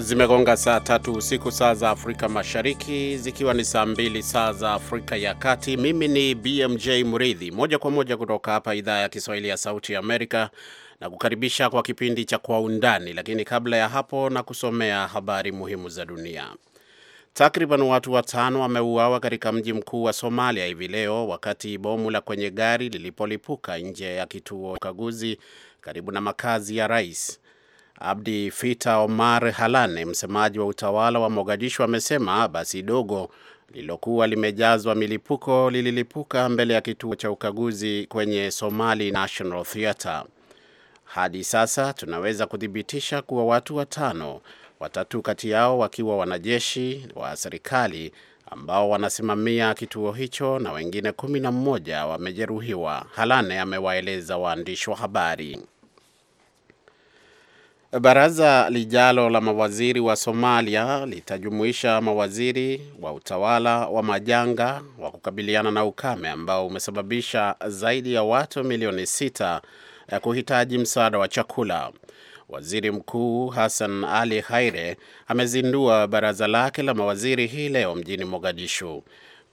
Zimegonga saa tatu usiku saa za Afrika Mashariki, zikiwa ni saa mbili saa za Afrika ya Kati. Mimi ni BMJ mridhi moja kwa moja kutoka hapa idhaa ya Kiswahili ya Sauti ya Amerika na kukaribisha kwa kipindi cha Kwa Undani, lakini kabla ya hapo na kusomea habari muhimu za dunia. Takriban watu watano wameuawa katika mji mkuu wa Somalia hivi leo wakati bomu la kwenye gari lilipolipuka nje ya kituo cha ukaguzi karibu na makazi ya rais. Abdi Fita Omar Halane, msemaji wa utawala wa Mogadishu, amesema basi dogo lililokuwa limejazwa milipuko lililipuka mbele ya kituo cha ukaguzi kwenye Somali National Theatre. Hadi sasa tunaweza kuthibitisha kuwa watu watano, watatu kati yao wakiwa wanajeshi wa serikali ambao wanasimamia kituo hicho na wengine kumi na mmoja wamejeruhiwa, Halane amewaeleza waandishi wa habari. Baraza lijalo la mawaziri wa Somalia litajumuisha mawaziri wa utawala wa majanga wa kukabiliana na ukame ambao umesababisha zaidi ya watu milioni sita ya eh, kuhitaji msaada wa chakula. Waziri Mkuu Hassan Ali Haire amezindua baraza lake la mawaziri hii leo mjini Mogadishu.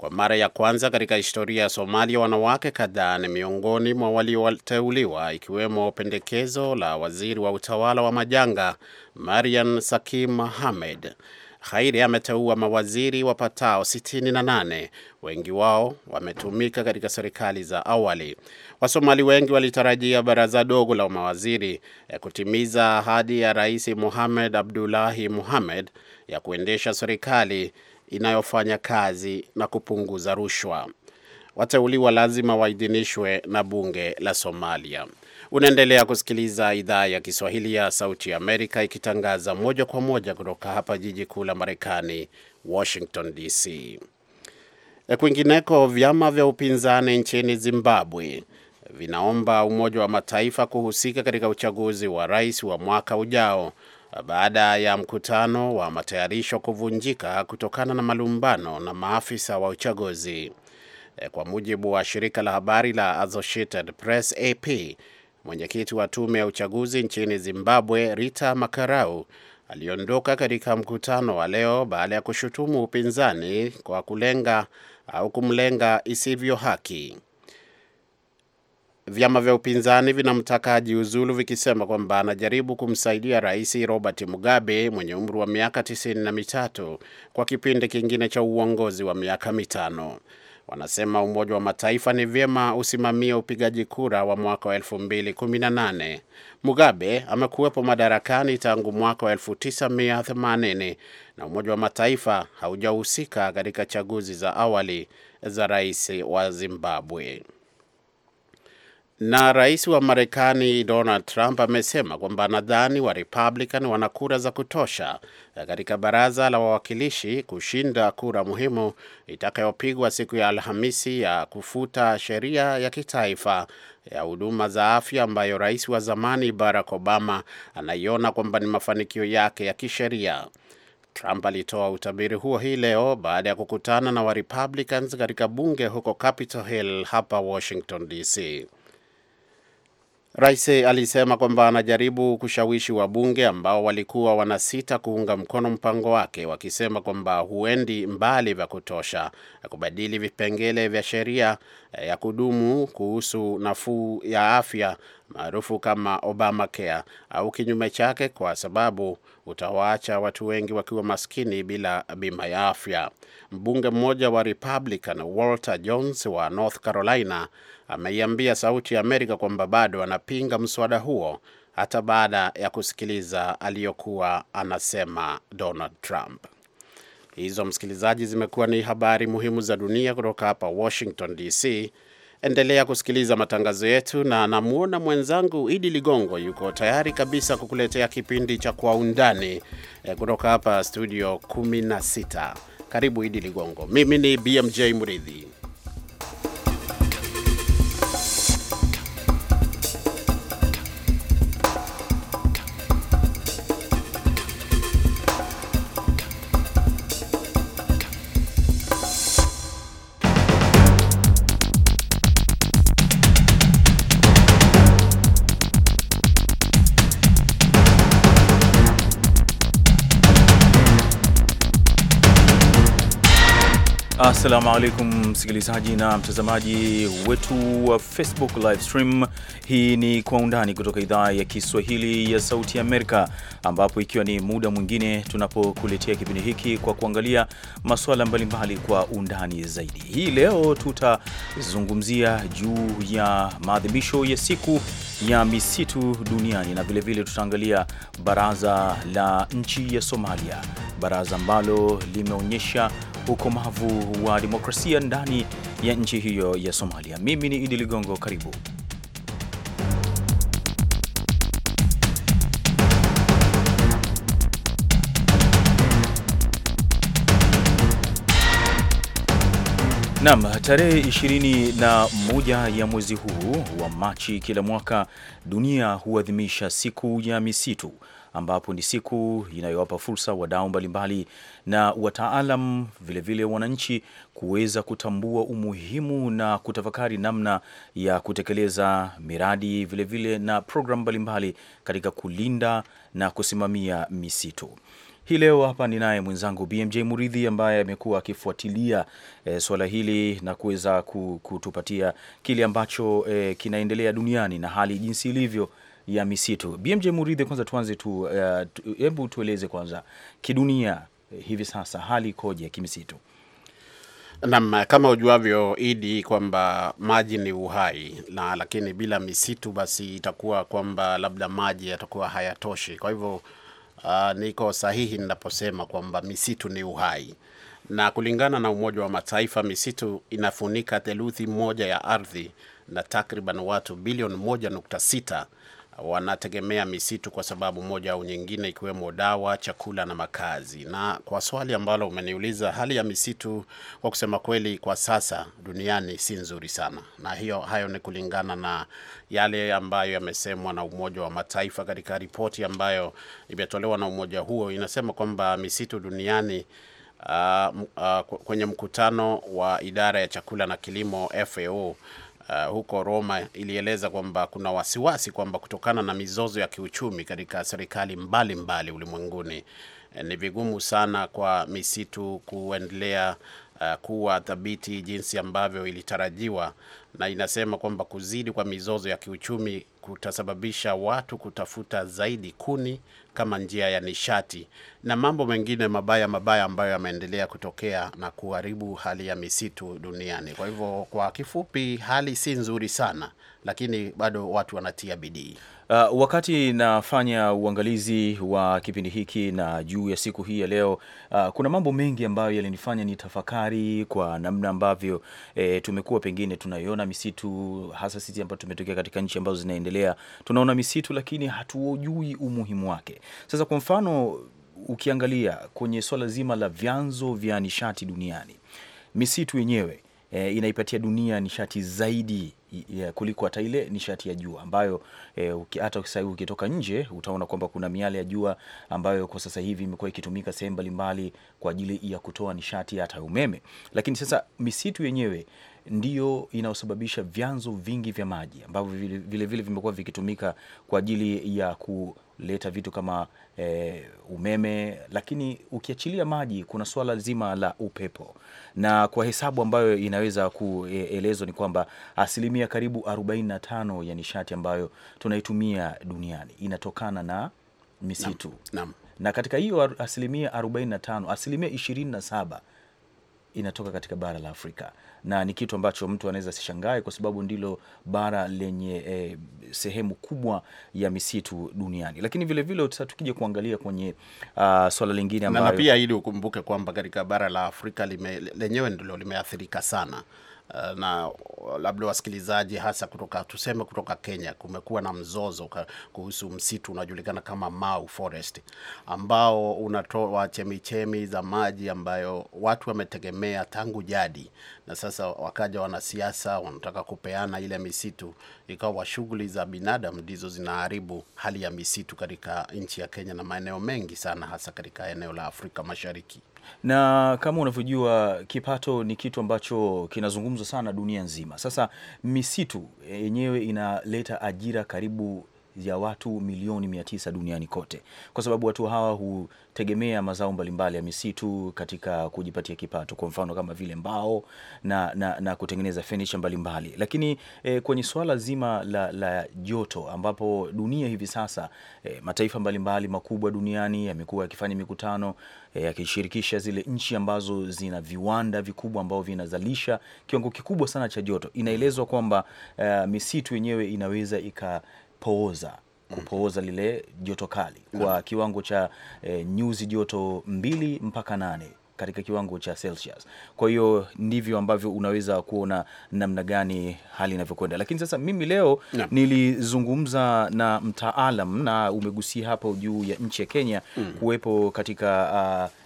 Kwa mara ya kwanza katika historia ya Somalia, wanawake kadhaa ni miongoni mwa walioteuliwa, ikiwemo pendekezo la waziri wa utawala wa majanga Marian Sakim Mohamed. Khairi ameteua mawaziri wapatao 68. Wengi wao wametumika katika serikali za awali. Wasomali wengi walitarajia baraza dogo la mawaziri ya eh, kutimiza ahadi ya Rais Mohamed Abdullahi Mohamed ya kuendesha serikali inayofanya kazi na kupunguza rushwa. Wateuliwa lazima waidhinishwe na bunge la Somalia. Unaendelea kusikiliza idhaa ya Kiswahili ya Sauti ya Amerika ikitangaza moja kwa moja kutoka hapa jiji kuu la Marekani, Washington DC. E, kwingineko, vyama vya upinzani nchini Zimbabwe vinaomba Umoja wa Mataifa kuhusika katika uchaguzi wa rais wa mwaka ujao baada ya mkutano wa matayarisho kuvunjika kutokana na malumbano na maafisa wa uchaguzi. E, kwa mujibu wa shirika la habari la Associated Press AP, mwenyekiti wa tume ya uchaguzi nchini Zimbabwe Rita Makarau aliondoka katika mkutano wa leo baada ya kushutumu upinzani kwa kulenga au kumlenga isivyo haki vyama vya upinzani vinamtaka ajiuzulu vikisema kwamba anajaribu kumsaidia Rais Robert Mugabe mwenye umri wa miaka tisini na mitatu kwa kipindi kingine cha uongozi wa miaka mitano. Wanasema Umoja wa Mataifa ni vyema usimamie upigaji kura wa mwaka wa 2018. Mugabe amekuwepo madarakani tangu mwaka wa 1980 na Umoja wa Mataifa haujahusika katika chaguzi za awali za rais wa Zimbabwe. Na rais wa Marekani Donald Trump amesema kwamba nadhani wa Republican wana kura za kutosha katika baraza la wawakilishi kushinda kura muhimu itakayopigwa siku ya Alhamisi ya kufuta sheria ya kitaifa ya huduma za afya ambayo rais wa zamani Barack Obama anaiona kwamba ni mafanikio yake ya kisheria. Trump alitoa utabiri huo hii leo baada ya kukutana na wa Republicans katika bunge huko Capitol Hill hapa Washington DC. Rais alisema kwamba anajaribu kushawishi wabunge ambao walikuwa wanasita kuunga mkono mpango wake, wakisema kwamba huendi mbali vya kutosha kubadili vipengele vya sheria ya kudumu kuhusu nafuu ya afya maarufu kama Obamacare au kinyume chake, kwa sababu utawaacha watu wengi wakiwa maskini bila bima ya afya. Mbunge mmoja wa Republican Walter Jones wa North Carolina ameiambia Sauti ya Amerika kwamba bado anapinga mswada huo hata baada ya kusikiliza aliyokuwa anasema Donald Trump. Hizo msikilizaji, zimekuwa ni habari muhimu za dunia kutoka hapa Washington DC. Endelea kusikiliza matangazo yetu, na namwona mwenzangu Idi Ligongo yuko tayari kabisa kukuletea kipindi cha Kwa Undani eh, kutoka hapa studio 16. Karibu Idi Ligongo. Mimi ni BMJ mridhi Assalamu alaikum msikilizaji na mtazamaji wetu wa Facebook live stream. Hii ni Kwa Undani kutoka idhaa ya Kiswahili ya Sauti Amerika, ambapo ikiwa ni muda mwingine tunapokuletea kipindi hiki kwa kuangalia masuala mbalimbali kwa undani zaidi. Hii leo tutazungumzia juu ya maadhimisho ya siku ya misitu duniani na vilevile tutaangalia baraza la nchi ya Somalia, baraza ambalo limeonyesha ukomavu wa demokrasia ndani ya nchi hiyo ya Somalia. Mimi ni Idi Ligongo, karibu Nam, tarehe 21 ya mwezi huu wa Machi kila mwaka dunia huadhimisha siku ya misitu ambapo ni siku inayowapa fursa wadau mbalimbali na wataalam vilevile wananchi kuweza kutambua umuhimu na kutafakari namna ya kutekeleza miradi vilevile vile na programu mbalimbali katika kulinda na kusimamia misitu. Hii leo hapa ninaye mwenzangu BMJ Muridhi ambaye amekuwa akifuatilia e, eh, suala hili na kuweza kutupatia kile ambacho e, kinaendelea duniani na hali jinsi ilivyo ya misitu. BMJ Muridhi, kwanza tuanze tu, uh, hebu uh, tueleze kwanza kidunia eh, hivi sasa hali ikoje kimisitu? Naam, kama ujuavyo Idi, kwamba maji ni uhai na lakini bila misitu basi itakuwa kwamba labda maji yatakuwa hayatoshi. Kwa hivyo uh, niko sahihi ninaposema kwamba misitu ni uhai, na kulingana na Umoja wa Mataifa misitu inafunika theluthi moja ya ardhi na takriban watu bilioni moja nukta sita wanategemea misitu kwa sababu moja au nyingine, ikiwemo dawa, chakula na makazi. Na kwa swali ambalo umeniuliza, hali ya misitu kwa kusema kweli kwa sasa duniani si nzuri sana, na hiyo hayo ni kulingana na yale ambayo yamesemwa na Umoja wa Mataifa katika ripoti ambayo imetolewa na umoja huo, inasema kwamba misitu duniani Uh, uh, kwenye mkutano wa idara ya chakula na kilimo FAO Eh, huko Roma ilieleza kwamba kuna wasiwasi kwamba kutokana na mizozo ya kiuchumi katika serikali mbalimbali ulimwenguni Eh, ni vigumu sana kwa misitu kuendelea uh, kuwa thabiti jinsi ambavyo ilitarajiwa, na inasema kwamba kuzidi kwa mizozo ya kiuchumi kutasababisha watu kutafuta zaidi kuni kama njia ya nishati na mambo mengine mabaya mabaya ambayo yameendelea kutokea na kuharibu hali ya misitu duniani. Kwa hivyo, kwa kifupi, hali si nzuri sana, lakini bado watu wanatia bidii. Uh, wakati nafanya uangalizi wa kipindi hiki na juu ya siku hii ya leo, uh, kuna mambo mengi ambayo yalinifanya ni tafakari kwa namna ambavyo eh, tumekuwa pengine tunaiona misitu, hasa sisi ambao tumetokea katika nchi ambazo zinaendelea, tunaona misitu lakini hatujui umuhimu wake. Sasa kwa mfano ukiangalia kwenye swala zima la vyanzo vya nishati duniani, misitu yenyewe e, inaipatia dunia nishati zaidi ya kuliko hata ile nishati ya jua ambayo eh, hata e, sasa ukitoka nje utaona kwamba kuna miale ya jua ambayo kwa sasa hivi imekuwa ikitumika sehemu mbalimbali kwa ajili ya kutoa nishati hata ya umeme. Lakini sasa misitu yenyewe ndiyo inayosababisha vyanzo vingi vya maji ambavyo vilevile vimekuwa vikitumika kwa ajili ya ku kuleta vitu kama e, umeme, lakini ukiachilia maji kuna suala zima la upepo, na kwa hesabu ambayo inaweza kuelezwa ni kwamba asilimia karibu 45 ya nishati ambayo tunaitumia duniani inatokana na misitu nam, nam. Na katika hiyo asilimia 45, asilimia 27 inatoka katika bara la Afrika na ni kitu ambacho mtu anaweza asishangae kwa sababu ndilo bara lenye eh, sehemu kubwa ya misitu duniani. Lakini vilevile sasa tukija kuangalia kwenye uh, swala lingine ambayo na pia ili ukumbuke kwamba katika bara la Afrika lime, lenyewe ndilo limeathirika sana Eh, na oh, labda wasikilizaji, hasa kutoka tuseme kutoka Kenya, kumekuwa na mzozo kuhusu msitu unajulikana kama Mau Forest ambao unatoa chemichemi za maji ambayo watu wametegemea tangu jadi, na sasa wakaja wanasiasa wanataka kupeana ile misitu, ikawa shughuli za binadamu ndizo zinaharibu hali ya misitu katika nchi ya Kenya na maeneo mengi sana, hasa katika eneo la Afrika Mashariki na kama unavyojua kipato ni kitu ambacho kinazungumzwa sana dunia nzima. Sasa misitu yenyewe inaleta ajira karibu ya watu milioni mia tisa duniani kote, kwa sababu watu hawa hutegemea mazao mbalimbali ya misitu katika kujipatia kipato, kwa mfano kama vile mbao na, na, na kutengeneza furniture mbalimbali. Lakini eh, kwenye swala zima la, la joto ambapo dunia hivi sasa eh, mataifa mbalimbali makubwa duniani yamekuwa yakifanya mikutano eh, yakishirikisha zile nchi ambazo zina viwanda vikubwa ambao vinazalisha kiwango kikubwa sana cha joto. Inaelezwa kwamba uh, misitu yenyewe inaweza ika kupooza kupooza lile joto kali kwa kiwango cha e, nyuzi joto mbili mpaka nane katika kiwango cha Celsius. Kwa hiyo ndivyo ambavyo unaweza kuona namna gani hali inavyokwenda, lakini sasa mimi leo yeah. nilizungumza na mtaalam na umegusia hapo juu ya nchi ya Kenya mm, kuwepo katika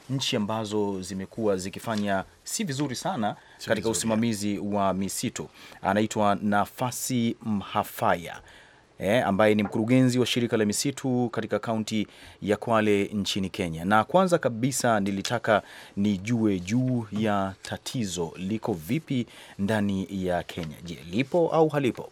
uh, nchi ambazo zimekuwa zikifanya si vizuri sana si katika vizuri, usimamizi yeah, wa misitu. Anaitwa Nafasi Mhafaya eh, ambaye ni mkurugenzi wa shirika la misitu katika kaunti ya Kwale nchini Kenya. Na kwanza kabisa nilitaka nijue juu ya tatizo liko vipi ndani ya Kenya. Je, lipo au halipo?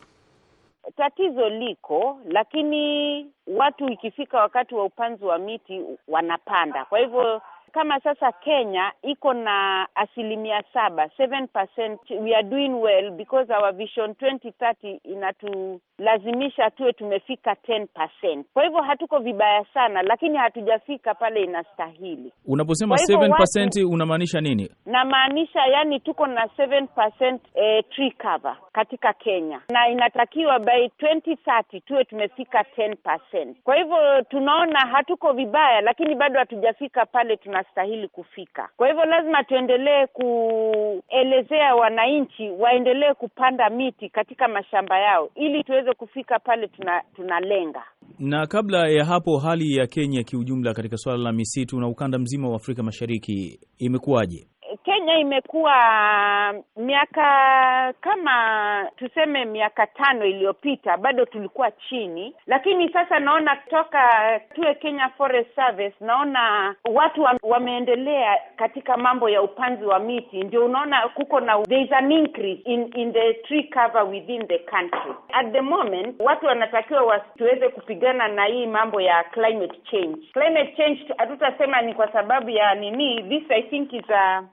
Tatizo liko lakini watu ikifika wakati wa upanzi wa miti wanapanda. Kwa hivyo kama sasa Kenya iko na asilimia saba, 7%. We are doing well because our vision 2030 inatulazimisha tuwe tumefika 10%. Kwa hivyo hatuko vibaya sana, lakini hatujafika pale inastahili. Unaposema 7% unamaanisha nini? Namaanisha yani tuko na 7% eh, tree cover katika Kenya na inatakiwa by 2030 tuwe tumefika 10%. Kwa hivyo tunaona hatuko vibaya, lakini bado hatujafika pale tuna hastahili kufika. Kwa hivyo lazima tuendelee kuelezea wananchi waendelee kupanda miti katika mashamba yao ili tuweze kufika pale tuna, tunalenga. Na kabla ya hapo, hali ya Kenya kiujumla katika suala la misitu na ukanda mzima wa Afrika Mashariki imekuwaje? Kenya imekuwa miaka kama tuseme miaka tano iliyopita bado tulikuwa chini, lakini sasa naona toka tuwe Kenya Forest Service, naona watu wameendelea katika mambo ya upanzi wa miti, ndio unaona kuko na there is an increase in, in the tree cover within the country at the moment. Watu wanatakiwa tuweze kupigana na hii mambo ya climate change. Climate change hatutasema ni kwa sababu ya nini, this I think is a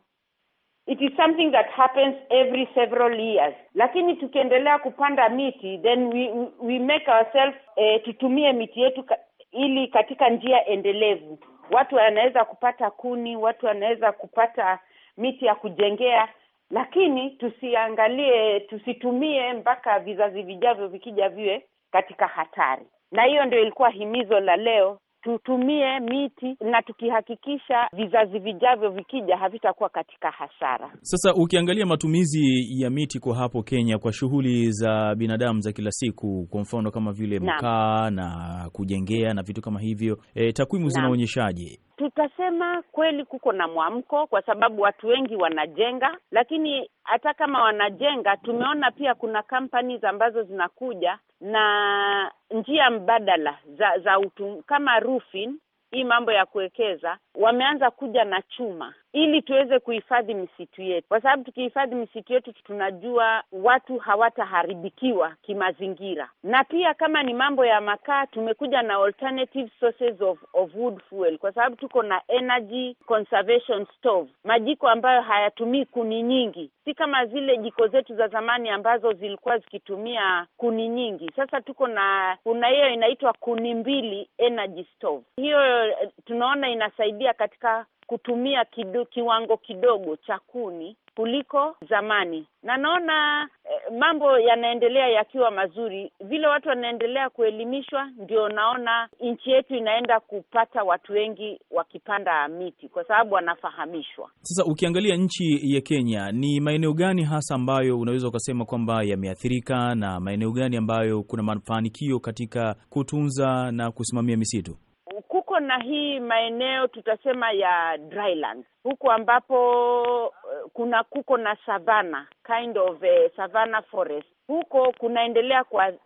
It is something that happens every several years, lakini tukiendelea kupanda miti then we, we make ourselves eh, tutumie miti yetu ka, ili katika njia endelevu. Watu wanaweza kupata kuni, watu wanaweza kupata miti ya kujengea, lakini tusiangalie, tusitumie mpaka vizazi vijavyo vikija viwe katika hatari. Na hiyo ndio ilikuwa himizo la leo tutumie miti na tukihakikisha vizazi vijavyo vikija havitakuwa katika hasara. Sasa ukiangalia matumizi ya miti kwa hapo Kenya kwa shughuli za binadamu za kila siku, kwa mfano kama vile mkaa na kujengea na vitu kama hivyo, e, takwimu zinaonyeshaje? tutasema kweli kuko na mwamko, kwa sababu watu wengi wanajenga, lakini hata kama wanajenga, tumeona pia kuna companies ambazo zinakuja na njia mbadala za za utum, kama roofing hii mambo ya kuwekeza wameanza kuja na chuma ili tuweze kuhifadhi misitu yetu, kwa sababu tukihifadhi misitu yetu tunajua watu hawataharibikiwa kimazingira, na pia kama ni mambo ya makaa, tumekuja na alternative sources of, of wood fuel, kwa sababu tuko na energy conservation stove, majiko ambayo hayatumii kuni nyingi, si kama zile jiko zetu za zamani ambazo zilikuwa zikitumia kuni nyingi. Sasa tuko na kuna hiyo inaitwa kuni mbili energy stove, hiyo eh, tunaona inasaidia katika kutumia kidu, kiwango kidogo cha kuni kuliko zamani, na naona eh, mambo yanaendelea yakiwa mazuri. Vile watu wanaendelea kuelimishwa, ndio naona nchi yetu inaenda kupata watu wengi wakipanda miti, kwa sababu wanafahamishwa. Sasa ukiangalia nchi ya Kenya, ni maeneo gani hasa ambayo unaweza ukasema kwamba yameathirika na maeneo gani ambayo kuna mafanikio katika kutunza na kusimamia misitu? na hii maeneo tutasema ya dryland huku ambapo eh, kuna kuko na savana kind of eh, savana forest huko kunaendelea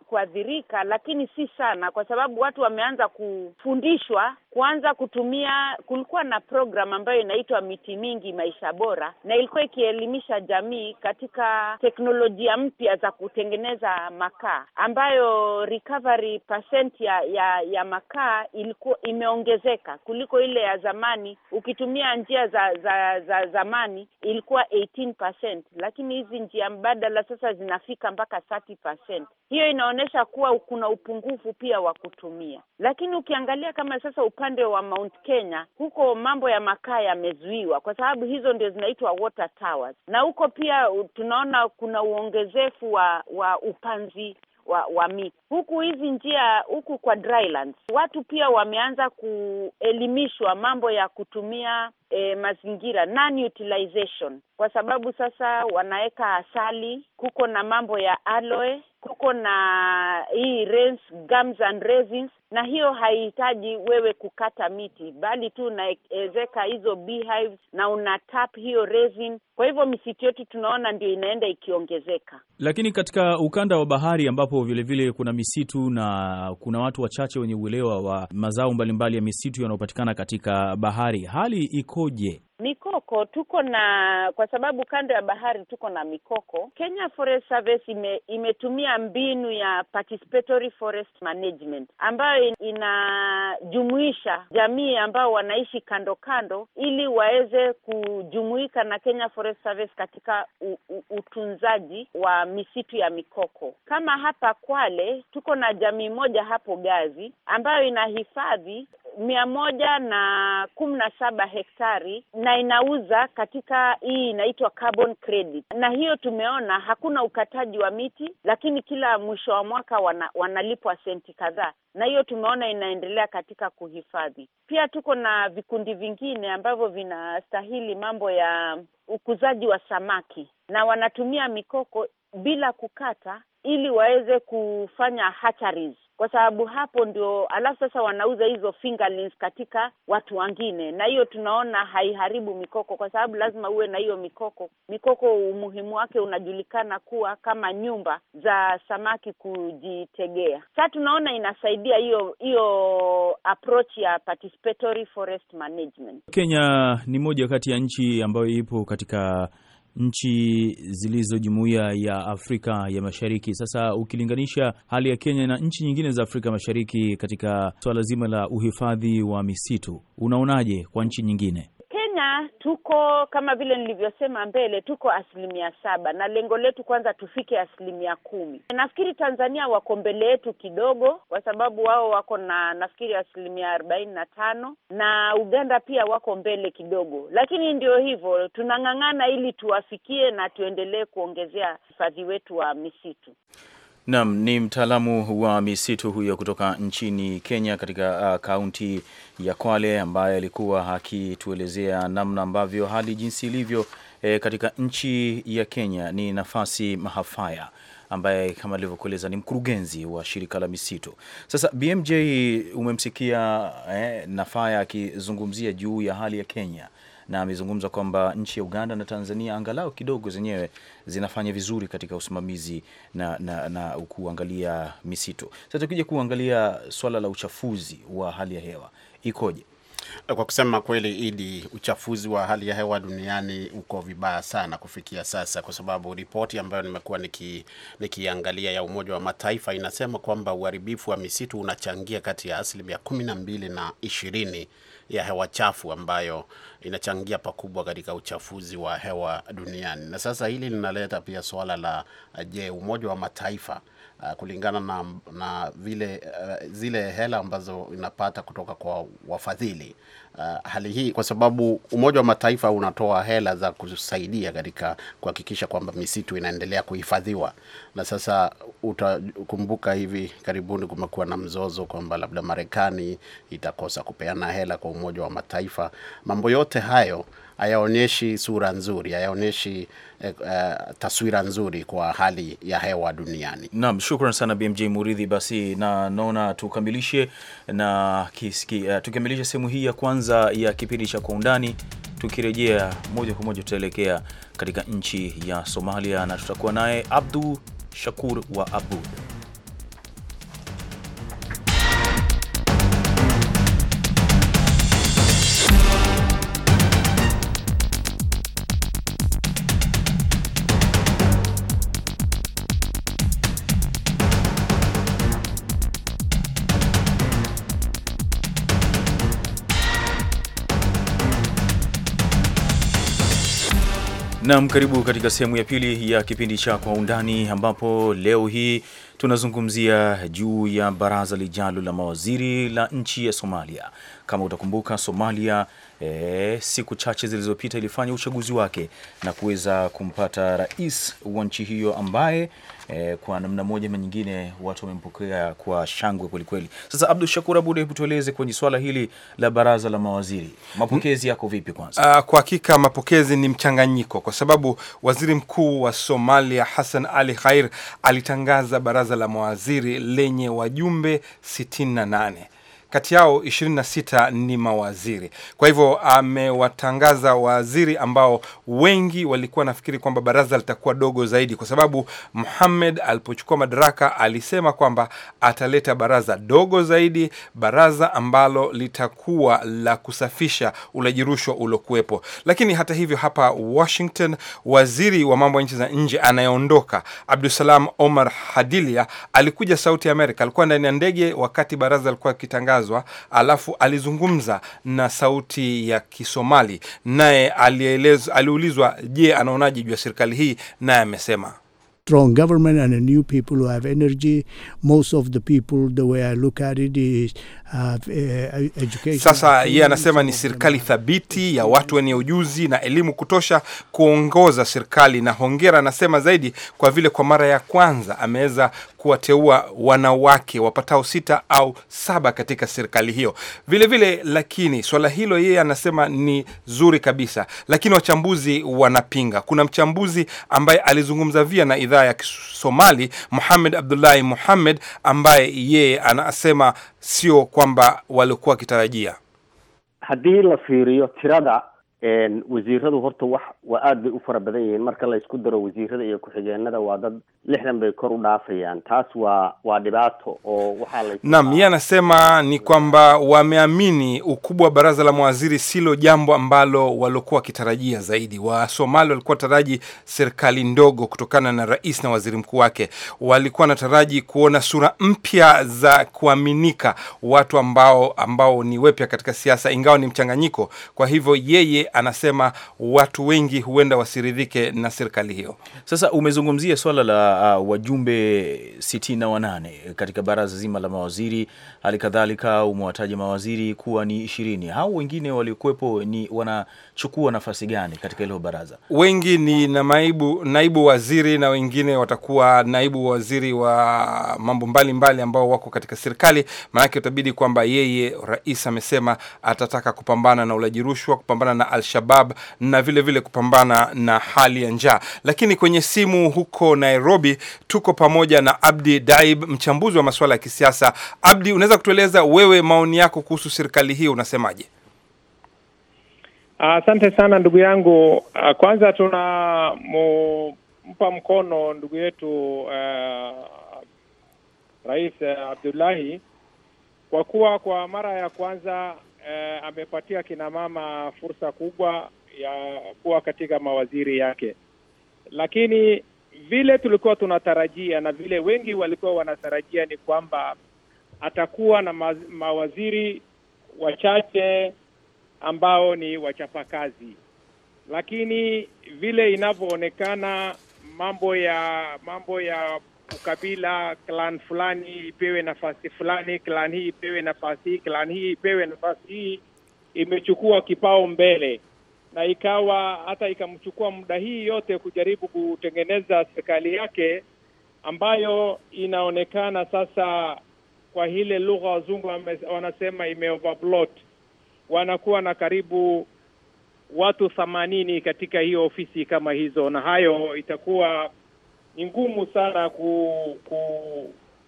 kuadhirika, lakini si sana, kwa sababu watu wameanza kufundishwa kuanza kutumia. Kulikuwa na program ambayo inaitwa Miti Mingi Maisha Bora, na ilikuwa ikielimisha jamii katika teknolojia mpya za kutengeneza makaa, ambayo recovery percent ya ya, ya makaa ilikuwa imeongezeka kuliko ile ya zamani, ukitumia njia za za za za zamani ilikuwa 18%, lakini hizi njia mbadala sasa zinafika mpaka 30%. Hiyo inaonyesha kuwa kuna upungufu pia wa kutumia, lakini ukiangalia kama sasa upande wa Mount Kenya huko mambo ya makaa yamezuiwa kwa sababu hizo ndio zinaitwa water towers, na huko pia tunaona kuna uongezefu wa wa upanzi wa, wa miti huku hizi njia huku kwa drylands, watu pia wameanza kuelimishwa mambo ya kutumia e, mazingira non utilization, kwa sababu sasa wanaweka asali, kuko na mambo ya aloe, kuko na hii rains, gums and resins, na hiyo haihitaji wewe kukata miti, bali tu unaezeka hizo beehives na una tap hiyo resin. Kwa hivyo misitu yetu tunaona ndio inaenda ikiongezeka, lakini katika ukanda wa bahari ambapo vilevile vile kuna misitu na kuna watu wachache wenye uelewa wa mazao mbalimbali mbali ya misitu yanayopatikana katika bahari, hali iko ikoje? Mikoko tuko na, kwa sababu kando ya bahari tuko na mikoko. Kenya Forest Service ime, imetumia mbinu ya participatory forest management ambayo inajumuisha jamii ambao wanaishi kando kando, ili waweze kujumuika na Kenya Forest Service katika u, u, utunzaji wa misitu ya mikoko. Kama hapa Kwale tuko na jamii moja hapo Gazi ambayo inahifadhi mia moja na kumi na saba hektari na inauza katika hii inaitwa carbon credit, na hiyo tumeona hakuna ukataji wa miti, lakini kila mwisho wa mwaka wana, wanalipwa senti kadhaa, na hiyo tumeona inaendelea katika kuhifadhi. Pia tuko na vikundi vingine ambavyo vinastahili mambo ya ukuzaji wa samaki, na wanatumia mikoko bila kukata ili waweze kufanya hatcheries kwa sababu hapo ndio, alafu sasa wanauza hizo fingerlings katika watu wengine, na hiyo tunaona haiharibu mikoko, kwa sababu lazima uwe na hiyo mikoko. Mikoko umuhimu wake unajulikana kuwa kama nyumba za samaki kujitegea. Sasa tunaona inasaidia hiyo hiyo approach ya participatory forest management. Kenya ni moja kati ya nchi ambayo ipo katika nchi zilizo jumuiya ya Afrika ya Mashariki. Sasa ukilinganisha hali ya Kenya na nchi nyingine za Afrika Mashariki katika swala zima la uhifadhi wa misitu, unaonaje kwa nchi nyingine? Kenya tuko kama vile nilivyosema mbele, tuko asilimia saba na lengo letu kwanza tufike asilimia kumi. Nafikiri Tanzania wako mbele yetu kidogo, kwa sababu wao wako na nafikiri asilimia arobaini na tano na Uganda pia wako mbele kidogo, lakini ndio hivyo tunang'ang'ana ili tuwafikie na tuendelee kuongezea hifadhi wetu wa misitu. Naam, ni mtaalamu wa misitu huyo kutoka nchini Kenya katika uh, kaunti ya Kwale ambaye alikuwa akituelezea namna ambavyo hali jinsi ilivyo e, katika nchi ya Kenya. Ni nafasi mahafaya ambaye kama alivyokueleza ni mkurugenzi wa shirika la misitu. Sasa BMJ, umemsikia eh, Nafaya akizungumzia juu ya hali ya Kenya na amezungumza kwamba nchi ya Uganda na Tanzania angalau kidogo zenyewe zinafanya vizuri katika usimamizi na, na, na kuangalia misitu. Sasa tukija kuangalia swala la uchafuzi wa hali ya hewa ikoje? Kwa kusema kweli, Idi, uchafuzi wa hali ya hewa duniani uko vibaya sana kufikia sasa, kwa sababu ripoti ambayo nimekuwa niki, nikiangalia ya Umoja wa Mataifa inasema kwamba uharibifu wa misitu unachangia kati ya asilimia kumi na mbili na ishirini ya hewa chafu ambayo inachangia pakubwa katika uchafuzi wa hewa duniani. Na sasa hili linaleta pia suala la eh, je, Umoja wa Mataifa Uh, kulingana na, na vile uh, zile hela ambazo inapata kutoka kwa wafadhili uh, hali hii, kwa sababu Umoja wa Mataifa unatoa hela za kusaidia katika kuhakikisha kwamba misitu inaendelea kuhifadhiwa. Na sasa utakumbuka hivi karibuni kumekuwa na mzozo kwamba labda Marekani itakosa kupeana hela kwa Umoja wa Mataifa. Mambo yote hayo hayaonyeshi sura nzuri, hayaonyeshi uh, taswira nzuri kwa hali ya hewa duniani. Naam, shukran sana BMJ Muridhi. Basi na naona tukamilishe na kisiki, uh, eh, tukamilishe sehemu hii ya kwanza ya kipindi cha kwa undani. Tukirejea moja kwa moja tutaelekea katika nchi ya Somalia na tutakuwa naye Abdu Shakur wa Abud. Naam, karibu katika sehemu ya pili ya kipindi cha Kwa Undani, ambapo leo hii tunazungumzia juu ya baraza lijalo la mawaziri la nchi ya Somalia. Kama utakumbuka, Somalia e, siku chache zilizopita ilifanya uchaguzi wake na kuweza kumpata rais wa nchi hiyo ambaye e, kwa namna moja ama nyingine watu wamempokea kwa shangwe kwelikweli. Sasa Abdul Shakur Abud, hebu tueleze kwenye swala hili la baraza la mawaziri, mapokezi yako vipi? Kwanza uh, kwa hakika mapokezi ni mchanganyiko, kwa sababu waziri mkuu wa Somalia Hassan Ali Khair alitangaza baraza la mawaziri lenye wajumbe 68 kati yao 26 ni mawaziri. Kwa hivyo amewatangaza waziri ambao wengi walikuwa nafikiri kwamba baraza litakuwa dogo zaidi, kwa sababu Mohamed alipochukua madaraka alisema kwamba ataleta baraza dogo zaidi, baraza ambalo litakuwa la kusafisha ulaji rushwa uliokuwepo. Lakini hata hivyo, hapa Washington, waziri wa mambo ya nchi za nje anayeondoka Abdusalam Omar Hadilia alikuja Sauti Amerika, alikuwa ndani ya ndege wakati baraza likuwa kitangaza kutangazwa, alafu alizungumza na sauti ya Kisomali, naye aliulizwa, je, anaonaje juu ya serikali hii, naye amesema strong government and a new people who have energy. Most of the people, the way I look at it, is have eh, eh, education. Sasa yeye anasema ni serikali thabiti ya watu wenye ujuzi na elimu kutosha kuongoza serikali, na hongera anasema zaidi kwa vile kwa mara ya kwanza ameweza kuwateua wanawake wapatao sita au saba katika serikali hiyo. Vile vile, lakini swala hilo yeye anasema ni zuri kabisa, lakini wachambuzi wanapinga. Kuna mchambuzi ambaye alizungumza via na idha lugha ya Kisomali Muhamed Abdullahi Muhamed, ambaye yeye anasema sio kwamba walikuwa wakitarajia hadi la fiiriyo tirada wasiiradu horta wax waa aada bay u fara badan yihiin marka la daro wasiirada iyo ku-xigeenada waa dad lixdan bay kor u dhaafayaan taas waa waa dhibaato oo waxaa la naam yeye anasema ni kwamba wameamini ukubwa wa baraza la mawaziri silo jambo ambalo waliokuwa wakitarajia zaidi. Wasomali walikuwa taraji serikali ndogo kutokana na rais na waziri mkuu wake, walikuwa taraji kuona sura mpya za kuaminika, watu ambao ambao ni wepya katika siasa, ingawa ni mchanganyiko. Kwa hivyo yeye anasema watu wengi huenda wasiridhike na serikali hiyo. Sasa umezungumzia swala la uh, wajumbe sitini na wanane katika baraza zima la mawaziri, hali kadhalika umewataja mawaziri kuwa ni ishirini. Hao wengine waliokuwepo ni wanachukua nafasi gani katika hilo baraza? Wengi ni na maibu, naibu waziri na wengine watakuwa naibu waziri wa mambo mbalimbali ambao wako katika serikali, maanake utabidi kwamba yeye rais amesema atataka kupambana na ulaji rushwa, kupambana na Al-Shabab na vile vile kupambana na hali ya njaa. Lakini kwenye simu huko Nairobi tuko pamoja na Abdi Daib, mchambuzi wa masuala ya kisiasa. Abdi, unaweza kutueleza wewe maoni yako kuhusu serikali hii, unasemaje? Asante uh, sana ndugu yangu. Uh, kwanza mpa mkono ndugu yetu uh, Rais Abdullahi kwa kuwa kwa mara ya kwanza eh, amepatia kina mama fursa kubwa ya kuwa katika mawaziri yake, lakini vile tulikuwa tunatarajia na vile wengi walikuwa wanatarajia ni kwamba atakuwa na ma mawaziri wachache ambao ni wachapakazi, lakini vile inavyoonekana mambo ya mambo ya ukabila, klan fulani ipewe nafasi fulani, klan hii ipewe nafasi hii, klan hii ipewe nafasi hii, imechukua kipao mbele na ikawa hata ikamchukua muda hii yote kujaribu kutengeneza serikali yake ambayo inaonekana sasa, kwa ile lugha wazungu wanasema imeoverbloat, wanakuwa na karibu watu themanini katika hiyo ofisi kama hizo, na hayo itakuwa ni ngumu sana ku, ku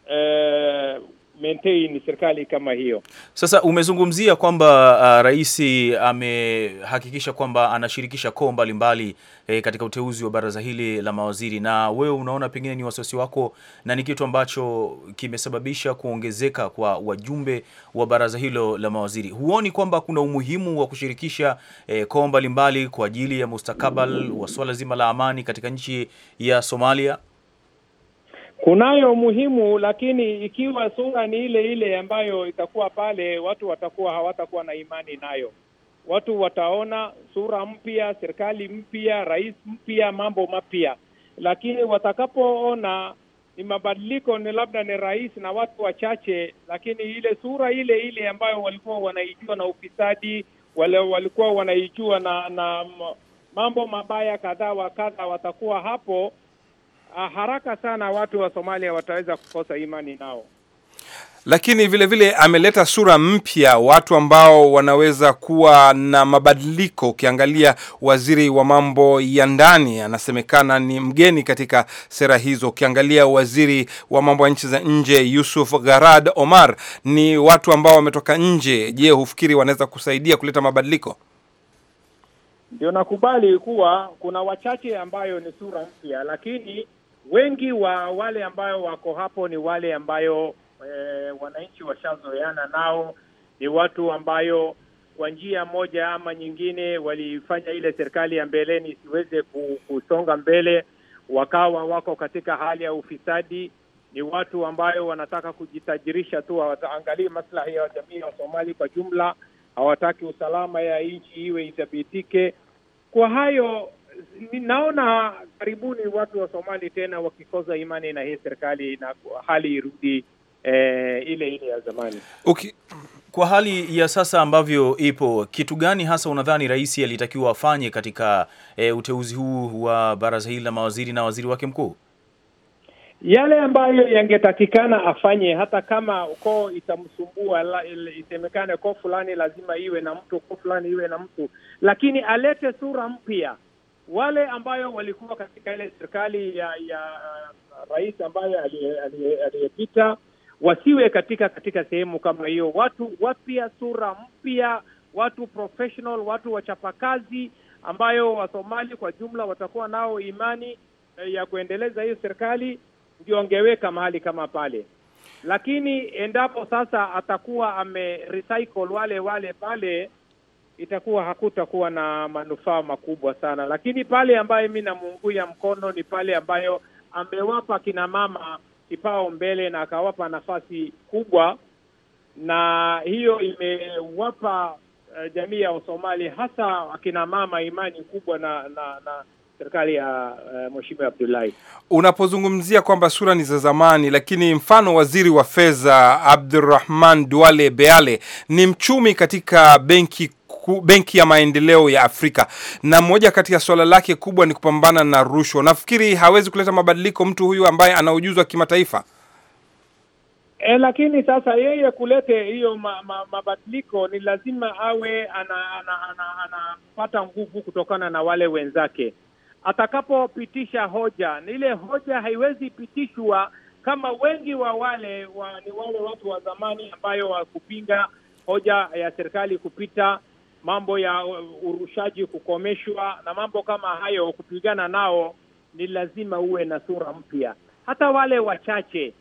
eh, maintain serikali kama hiyo. Sasa umezungumzia kwamba uh, rais amehakikisha kwamba anashirikisha koo mbalimbali eh, katika uteuzi wa baraza hili la mawaziri, na wewe unaona pengine ni wasiwasi wako na ni kitu ambacho kimesababisha kuongezeka kwa wajumbe wa baraza hilo la mawaziri. Huoni kwamba kuna umuhimu wa kushirikisha eh, koo mbalimbali kwa ajili ya mustakabali wa swala zima la amani katika nchi ya Somalia? Kunayo muhimu, lakini ikiwa sura ni ile ile ambayo itakuwa pale, watu watakuwa hawatakuwa na imani nayo. Watu wataona sura mpya, serikali mpya, rais mpya, mambo mapya, lakini watakapoona ni mabadiliko, ni labda ni rais na watu wachache, lakini ile sura ile ile ambayo walikuwa wanaijua na ufisadi wale walikuwa wanaijua na, na mambo mabaya kadhaa wa kadha, watakuwa hapo Ah, haraka sana watu wa Somalia wataweza kukosa imani nao. Lakini vile vile ameleta sura mpya, watu ambao wanaweza kuwa na mabadiliko. Ukiangalia waziri wa mambo ya ndani anasemekana ni mgeni katika sera hizo. Ukiangalia waziri wa mambo ya nchi za nje Yusuf Garad Omar, ni watu ambao wametoka nje. Je, hufikiri wanaweza kusaidia kuleta mabadiliko? Ndio, nakubali kuwa kuna wachache ambayo ni sura mpya, lakini wengi wa wale ambayo wako hapo ni wale ambayo e, wananchi washazoeana nao, ni watu ambayo kwa njia moja ama nyingine walifanya ile serikali ya mbeleni isiweze kusonga mbele, wakawa wako katika hali ya ufisadi. Ni watu ambayo wanataka kujitajirisha tu, hawataangalii maslahi ya jamii ya Somali kwa jumla, hawataki usalama ya nchi iwe ithabitike. Kwa hayo ninaona karibuni watu wa Somali tena wakikosa imani na hii serikali na hali irudi eh, ile ile ya zamani. Okay. Kwa hali ya sasa ambavyo ipo, kitu gani hasa unadhani rais alitakiwa afanye katika eh, uteuzi huu wa baraza hili la mawaziri na waziri wake mkuu? Yale ambayo yangetakikana afanye, hata kama ukoo itamsumbua, isemekane koo fulani lazima iwe na mtu, koo fulani iwe na mtu, lakini alete sura mpya wale ambayo walikuwa katika ile serikali ya ya uh, rais ambayo aliyepita wasiwe katika katika sehemu kama hiyo. Watu wapya, sura mpya, watu professional, watu wachapakazi, ambayo Wasomali kwa jumla watakuwa nao imani eh, ya kuendeleza hiyo serikali, ndio angeweka mahali kama pale. Lakini endapo sasa atakuwa ame recycle wale wale pale itakuwa hakutakuwa na manufaa makubwa sana, lakini pale ambayo mi namuunguya mkono ni pale ambayo amewapa kina mama kipao mbele na akawapa nafasi kubwa, na hiyo imewapa uh, jamii ya Wasomali hasa akina mama imani kubwa na na, na serikali ya uh, Mheshimiwa Abdullahi. Unapozungumzia kwamba sura ni za zamani, lakini mfano waziri wa fedha Abdurrahman Duale Beale ni mchumi katika benki benki ya maendeleo ya Afrika, na moja kati ya swala lake kubwa ni kupambana na rushwa. Nafikiri hawezi kuleta mabadiliko mtu huyu ambaye ana ujuzi wa kimataifa. E, lakini sasa yeye kulete hiyo ma, ma, mabadiliko ni lazima awe anapata ana, ana, ana, nguvu kutokana na wale wenzake. Atakapopitisha hoja, ile hoja haiwezi pitishwa kama wengi wa wale wa, ni wale watu wa zamani ambayo wakupinga hoja ya serikali kupita mambo ya urushaji kukomeshwa na mambo kama hayo, kupigana nao ni lazima uwe na sura mpya. Hata wale wachache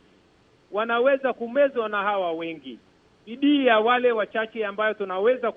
wanaweza kumezwa na hawa wengi. Bidii ya wale wachache ambayo tunaweza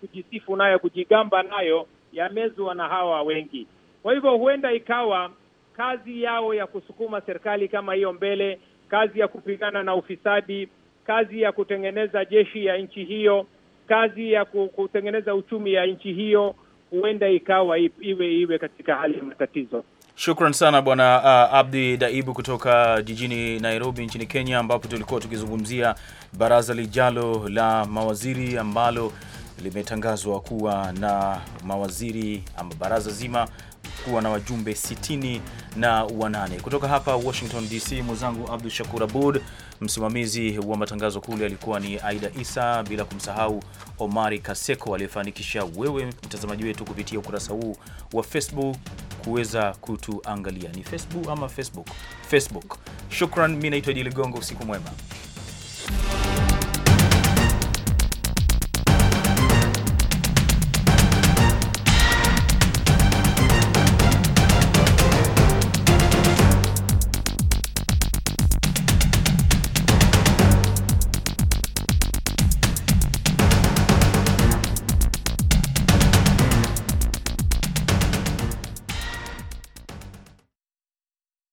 kujisifu nayo, kujigamba nayo, yamezwa na hawa wengi. Kwa hivyo, huenda ikawa kazi yao ya kusukuma serikali kama hiyo mbele, kazi ya kupigana na ufisadi, kazi ya kutengeneza jeshi ya nchi hiyo kazi ya kutengeneza uchumi ya nchi hiyo huenda ikawa iwe iwe katika hali ya matatizo. Shukran sana bwana uh, Abdi Daibu kutoka jijini Nairobi nchini Kenya, ambapo tulikuwa tukizungumzia baraza lijalo la mawaziri ambalo limetangazwa kuwa na mawaziri ama baraza zima kuwa na wajumbe sitini na wanane kutoka hapa Washington DC. Mwenzangu Abdu Shakur Abud Msimamizi wa matangazo kule alikuwa ni Aida Isa, bila kumsahau Omari Kaseko aliyefanikisha wewe mtazamaji wetu kupitia ukurasa huu wa Facebook kuweza kutuangalia. Ni Facebook ama Facebook? Facebook. Shukran, mi naitwa Idi Ligongo, usiku mwema.